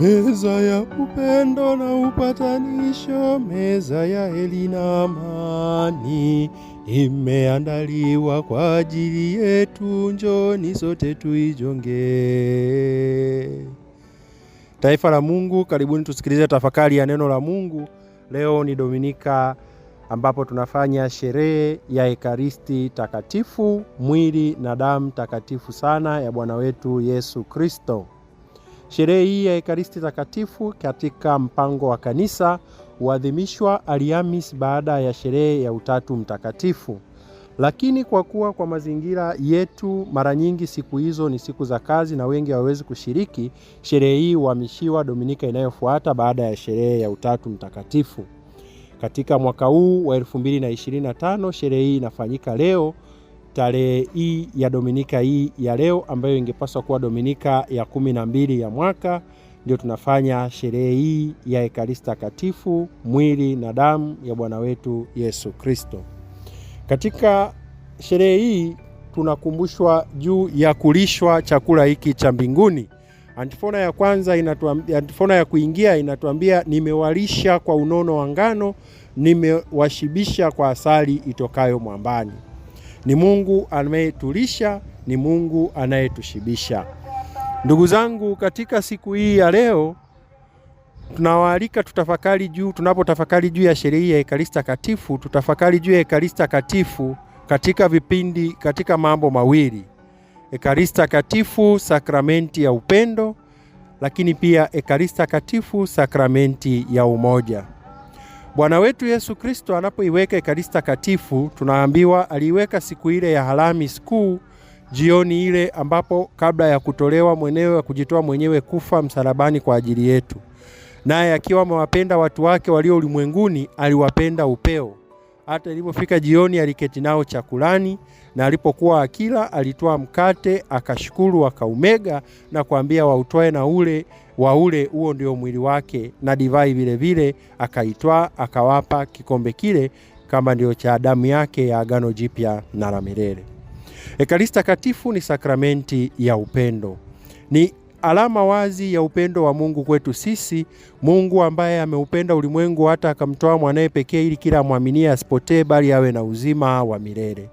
meza ya upendo na upatanisho, meza ya heri na amani imeandaliwa kwa ajili yetu, njoni sote tuijongee. Taifa la Mungu, karibuni tusikilize tafakari ya neno la Mungu. Leo ni Dominika ambapo tunafanya sherehe ya Ekaristi Takatifu, mwili na damu takatifu sana ya Bwana wetu Yesu Kristo. Sherehe hii ya Ekaristi Takatifu katika mpango wa kanisa huadhimishwa Alhamis baada ya sherehe ya Utatu Mtakatifu. Lakini kwa kuwa kwa mazingira yetu mara nyingi siku hizo ni siku za kazi na wengi hawawezi kushiriki, sherehe hii huhamishiwa Dominika inayofuata baada ya sherehe ya Utatu Mtakatifu. Katika mwaka huu wa 2025 sherehe hii inafanyika leo tarehe hii ya Dominika hii ya leo ambayo ingepaswa kuwa Dominika ya kumi na mbili ya mwaka ndio tunafanya sherehe hii ya ekarista Takatifu, mwili na damu ya Bwana wetu Yesu Kristo. Katika sherehe hii tunakumbushwa juu ya kulishwa chakula hiki cha mbinguni. Antifona ya kwanza inatuambia, antifona ya kuingia inatuambia, nimewalisha kwa unono wa ngano, nimewashibisha kwa asali itokayo mwambani. Ni Mungu anayetulisha, ni Mungu anayetushibisha. Ndugu zangu, katika siku hii ya leo tunawaalika tutafakari juu, tunapotafakari juu ya sherehe ya Ekaristi Takatifu, tutafakari juu ya Ekaristi Takatifu katika vipindi, katika mambo mawili: Ekaristi Takatifu sakramenti ya upendo, lakini pia Ekaristi Takatifu sakramenti ya umoja. Bwana wetu Yesu Kristo anapoiweka Ekaristi Takatifu, tunaambiwa aliiweka siku ile ya Alhamisi Kuu jioni ile ambapo kabla ya kutolewa mwenyewe ya kujitoa mwenyewe kufa msalabani kwa ajili yetu. Naye akiwa amewapenda watu wake walio ulimwenguni, aliwapenda upeo. Hata ilipofika jioni, aliketi nao chakulani, na alipokuwa akila, alitoa mkate akashukuru, akaumega na kuambia wautwae na ule waule, huo ndio mwili wake, na divai vilevile akaitwaa, akawapa kikombe kile kama ndio cha damu yake ya agano jipya na la milele. Ekaristi takatifu ni sakramenti ya upendo, ni alama wazi ya upendo wa Mungu kwetu sisi, Mungu ambaye ameupenda ulimwengu hata akamtoa mwanaye pekee ili kila amwaminie asipotee bali awe na uzima wa milele.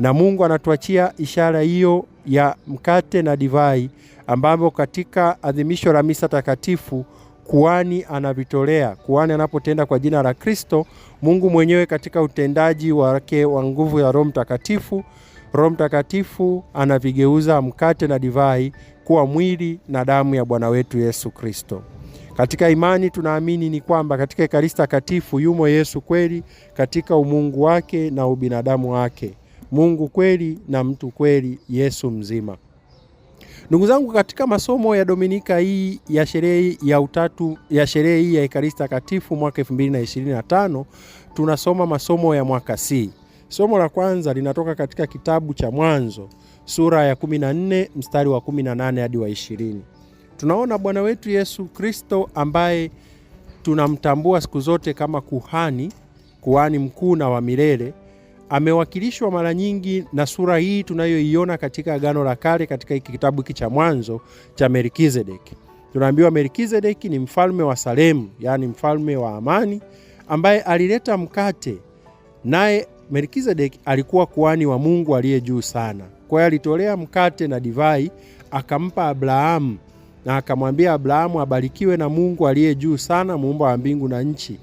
Na Mungu anatuachia ishara hiyo ya mkate na divai, ambapo katika adhimisho la misa takatifu kuhani anavitolea. Kuhani anapotenda kwa jina la Kristo, Mungu mwenyewe katika utendaji wake wa nguvu ya Roho Mtakatifu, Roho Mtakatifu anavigeuza mkate na divai kuwa mwili na damu ya Bwana wetu Yesu Kristo. Katika imani tunaamini ni kwamba katika Ekaristi Takatifu yumo Yesu kweli katika umungu wake na ubinadamu wake, Mungu kweli na mtu kweli, Yesu mzima. Ndugu zangu, katika masomo ya Dominika hii ya sherehe ya utatu ya sherehe hii ya Ekaristi Takatifu mwaka 2025 tunasoma masomo ya mwaka C. Somo la kwanza linatoka katika kitabu cha Mwanzo sura ya 14 mstari wa 18 hadi wa 20. Tunaona Bwana wetu Yesu Kristo ambaye tunamtambua siku zote kama kuhani, kuhani mkuu na wa milele, amewakilishwa mara nyingi na sura hii tunayoiona katika Agano la Kale, katika hiki kitabu hiki cha Mwanzo cha Melkizedeki. Tunaambiwa Melkizedeki ni mfalme wa Salemu, yaani mfalme wa amani, ambaye alileta mkate, naye Melkizedeki alikuwa kuhani wa Mungu aliye juu sana. Kwa hiyo alitolea mkate na divai akampa Abrahamu na akamwambia Abrahamu abarikiwe na Mungu aliye juu sana, muumba wa mbingu na nchi.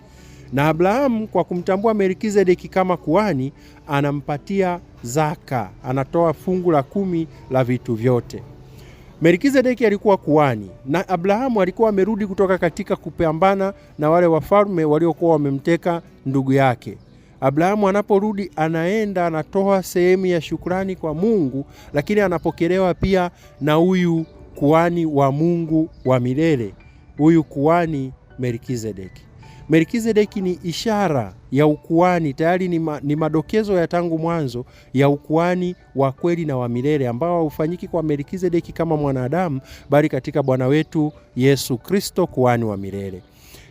Na Abrahamu kwa kumtambua Melkizedeki kama kuhani, anampatia zaka, anatoa fungu la kumi la vitu vyote. Melkizedeki alikuwa kuhani na Abrahamu alikuwa amerudi kutoka katika kupambana na wale wafalme waliokuwa wamemteka ndugu yake. Abrahamu anaporudi anaenda anatoa sehemu ya shukrani kwa Mungu, lakini anapokelewa pia na huyu kuhani wa Mungu wa milele, huyu kuhani Melkizedeki. Melkizedeki ni ishara ya ukuhani tayari ni, ma, ni madokezo ya tangu mwanzo ya ukuhani wa kweli na wa milele ambao haufanyiki kwa Melkizedeki kama mwanadamu, bali katika Bwana wetu Yesu Kristo, kuhani wa milele.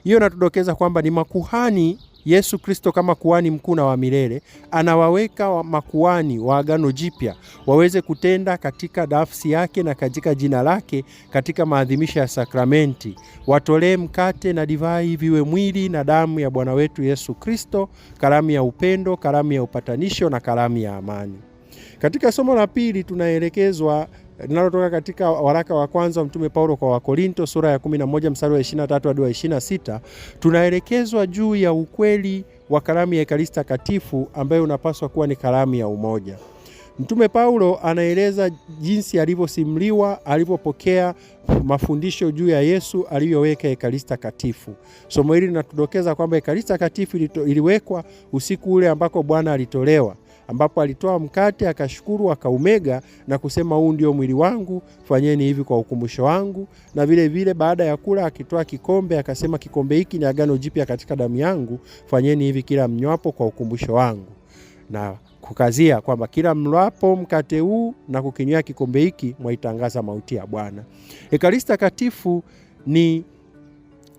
Hiyo natudokeza kwamba ni makuhani Yesu Kristo kama kuhani mkuu na wa milele anawaweka wa makuhani wa Agano Jipya waweze kutenda katika nafsi yake na katika jina lake katika maadhimisho ya sakramenti, watolee mkate na divai viwe mwili na damu ya Bwana wetu Yesu Kristo, karamu ya upendo, karamu ya upatanisho na karamu ya amani. Katika somo la pili tunaelekezwa linalotoka katika waraka wa kwanza wa Mtume Paulo kwa Wakorinto sura ya 11 mstari wa 23 hadi wa 26, tunaelekezwa juu ya ukweli wa karamu ya Ekaristi Takatifu ambayo unapaswa kuwa ni karamu ya umoja. Mtume Paulo anaeleza jinsi alivyosimuliwa, alivyopokea mafundisho juu ya Yesu aliyoweka Ekaristi Takatifu. Somo hili linatudokeza kwamba Ekaristi Takatifu iliwekwa usiku ule ambako Bwana alitolewa ambapo alitoa mkate akashukuru akaumega na kusema huu ndio mwili wangu, fanyeni hivi kwa ukumbusho wangu. Na vile vile baada ya kula akitoa kikombe akasema, kikombe hiki ni agano jipya katika damu yangu, fanyeni hivi kila mnywapo kwa ukumbusho wangu, na kukazia kwamba kila mlwapo mkate huu na kukinywa kikombe hiki mwaitangaza mauti ya Bwana. Ekaristi takatifu ni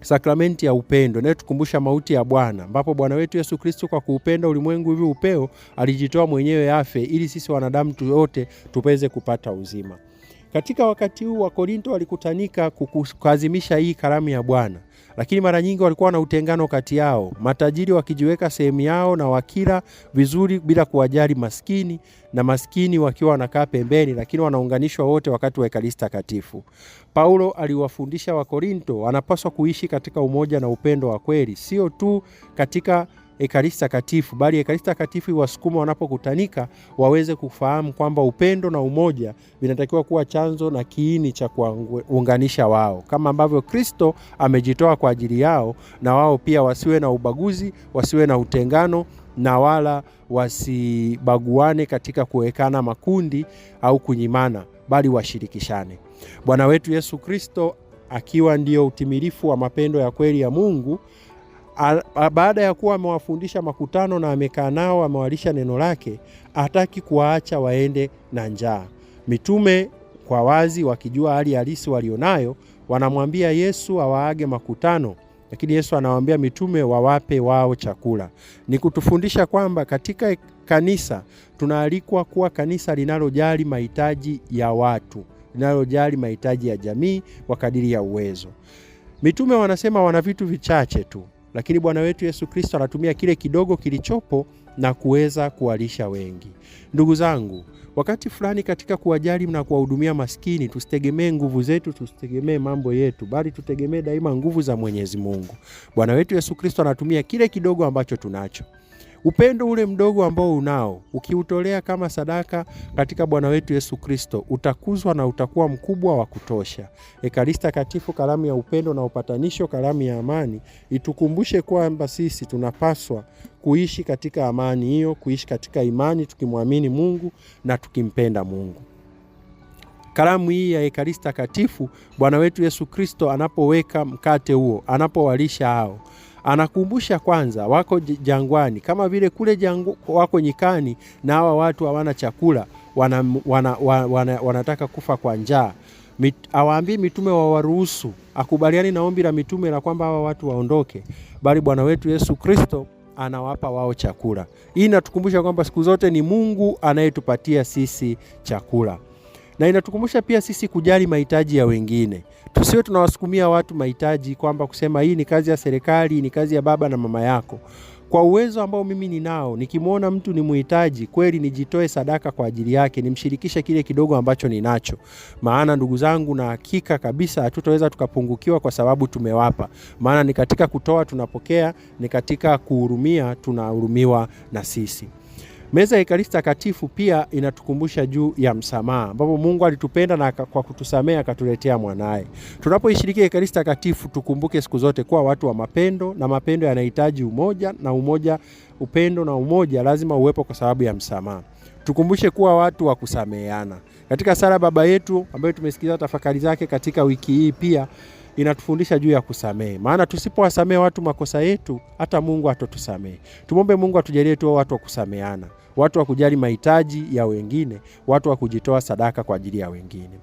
sakramenti ya upendo inayotukumbusha mauti ya Bwana, ambapo Bwana wetu Yesu Kristo kwa kuupenda ulimwengu hivi upeo alijitoa mwenyewe afe, ili sisi wanadamu wote tuweze kupata uzima. Katika wakati huu Wakorinto walikutanika kukazimisha hii karamu ya Bwana, lakini mara nyingi walikuwa na utengano kati yao, matajiri wakijiweka sehemu yao na wakila vizuri bila kuwajali maskini, na maskini wakiwa wanakaa pembeni, lakini wanaunganishwa wote wakati wa Ekaristi Takatifu. Paulo aliwafundisha Wakorinto wanapaswa kuishi katika umoja na upendo wa kweli, sio tu katika Ekaristi Takatifu, bali Ekaristi Takatifu iwasukuma wanapokutanika waweze kufahamu kwamba upendo na umoja vinatakiwa kuwa chanzo na kiini cha kuwaunganisha wao, kama ambavyo Kristo amejitoa kwa ajili yao, na wao pia wasiwe na ubaguzi, wasiwe na utengano na wala wasibaguane katika kuwekana makundi au kunyimana, bali washirikishane. Bwana wetu Yesu Kristo akiwa ndiyo utimilifu wa mapendo ya kweli ya Mungu baada ya kuwa amewafundisha makutano na amekaa nao, amewalisha neno lake, hataki kuwaacha waende na njaa. Mitume kwa wazi, wakijua hali halisi walionayo, wanamwambia Yesu awaage makutano, lakini Yesu anawaambia mitume wawape wao chakula. Ni kutufundisha kwamba katika kanisa tunaalikwa kuwa kanisa linalojali mahitaji ya watu, linalojali mahitaji ya jamii kwa kadiri ya uwezo. Mitume wanasema wana vitu vichache tu lakini Bwana wetu Yesu Kristo anatumia kile kidogo kilichopo na kuweza kuwalisha wengi. Ndugu zangu, wakati fulani katika kuwajali na kuwahudumia maskini, tusitegemee nguvu zetu, tusitegemee mambo yetu, bali tutegemee daima nguvu za Mwenyezi Mungu. Bwana wetu Yesu Kristo anatumia kile kidogo ambacho tunacho. Upendo ule mdogo ambao unao ukiutolea kama sadaka katika Bwana wetu Yesu Kristo utakuzwa na utakuwa mkubwa wa kutosha. Ekaristi Takatifu, kalamu ya upendo na upatanisho, kalamu ya amani, itukumbushe kwamba sisi tunapaswa kuishi katika amani hiyo, kuishi katika imani tukimwamini Mungu na tukimpenda Mungu. Karamu hii ya Ekaristi Takatifu, Bwana wetu Yesu Kristo anapoweka mkate huo, anapowalisha hao Anakumbusha kwanza, wako jangwani, kama vile kule jangu, wako nyikani na hawa watu hawana chakula, wana, wana, wana, wana, wanataka kufa kwa njaa. Mit, awaambii mitume wawaruhusu, akubaliani na ombi la mitume la kwamba hawa watu waondoke, bali Bwana wetu Yesu Kristo anawapa wao chakula. Hii inatukumbusha kwamba siku zote ni Mungu anayetupatia sisi chakula na inatukumbusha pia sisi kujali mahitaji ya wengine. Tusiwe tunawasukumia watu mahitaji kwamba kusema hii ni kazi ya serikali, ni kazi ya baba na mama yako. Kwa uwezo ambao mimi ninao, nikimwona mtu ni muhitaji kweli, nijitoe sadaka kwa ajili yake, nimshirikishe kile kidogo ambacho ninacho. Maana ndugu zangu, na hakika kabisa hatutaweza tukapungukiwa kwa sababu tumewapa. Maana ni katika kutoa tunapokea, ni katika kuhurumia tunahurumiwa na sisi. Meza ya Ekaristi Takatifu pia inatukumbusha juu ya msamaha, ambapo Mungu alitupenda na kwa kutusamea akatuletea mwanaye. Tunapoishiriki Ekaristi Takatifu, tukumbuke siku zote kuwa watu wa mapendo, na mapendo yanahitaji umoja na umoja, upendo na umoja lazima uwepo kwa sababu ya msamaha. Tukumbushe kuwa watu wa kusameheana. Katika sala Baba Yetu ambayo tumesikiliza tafakari zake katika wiki hii pia inatufundisha juu ya kusamehe, maana tusipowasamehe watu makosa yetu hata Mungu hatotusamehe. Tumwombe Mungu atujalie tuwe watu wa kusameana, watu wa kujali mahitaji ya wengine, watu wa kujitoa sadaka kwa ajili ya wengine.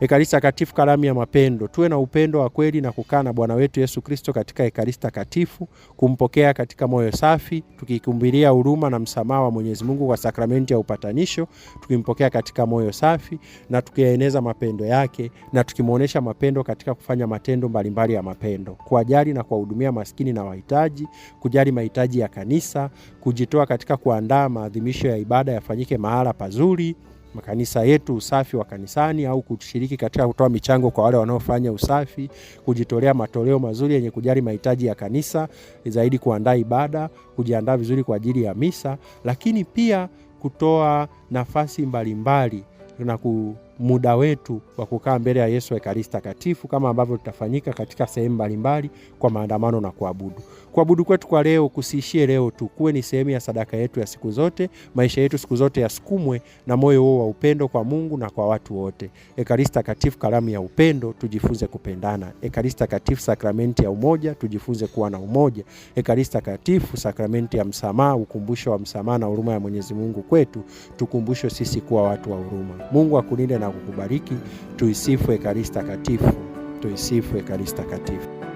Ekaristi Takatifu, karamu ya mapendo. Tuwe na upendo wa kweli na kukaa na Bwana wetu Yesu Kristo katika Ekaristi Takatifu, kumpokea katika moyo safi, tukikumbilia huruma na msamaha wa Mwenyezi Mungu kwa sakramenti ya upatanisho, tukimpokea katika moyo safi na tukiyaeneza mapendo yake na tukimwonyesha mapendo katika kufanya matendo mbalimbali ya mapendo, kuwajali na kuwahudumia maskini na wahitaji, kujali mahitaji ya kanisa, kujitoa katika kuandaa maadhimisho ya ibada yafanyike mahala pazuri makanisa yetu, usafi wa kanisani au kushiriki katika kutoa michango kwa wale wanaofanya usafi, kujitolea matoleo mazuri yenye kujali mahitaji ya kanisa zaidi, kuandaa ibada, kujiandaa vizuri kwa ajili ya misa, lakini pia kutoa nafasi mbalimbali mbali na ku muda wetu wa kukaa mbele ya Yesu Ekaristi Takatifu, kama ambavyo tutafanyika katika sehemu mbalimbali kwa maandamano na kuabudu. Kuabudu kwetu kwa leo kusiishie leo tu, kuwe ni sehemu ya sadaka yetu ya siku zote. Maisha yetu siku zote yasukumwe na moyo huo wa upendo kwa Mungu na kwa watu wote. Ekaristi Takatifu, kalamu ya upendo, tujifunze kupendana. Ekaristi Takatifu, sakramenti ya umoja, tujifunze kuwa na umoja. Ekaristi Takatifu, sakramenti ya msamaha, ukumbusho wa msamaha na huruma ya Mwenyezi Mungu kwetu, tukumbushwe sisi kuwa watu wa huruma. Mungu akulinde na na kukubariki. Tuisifu Ekaristi Takatifu, tuisifu Ekaristi Takatifu.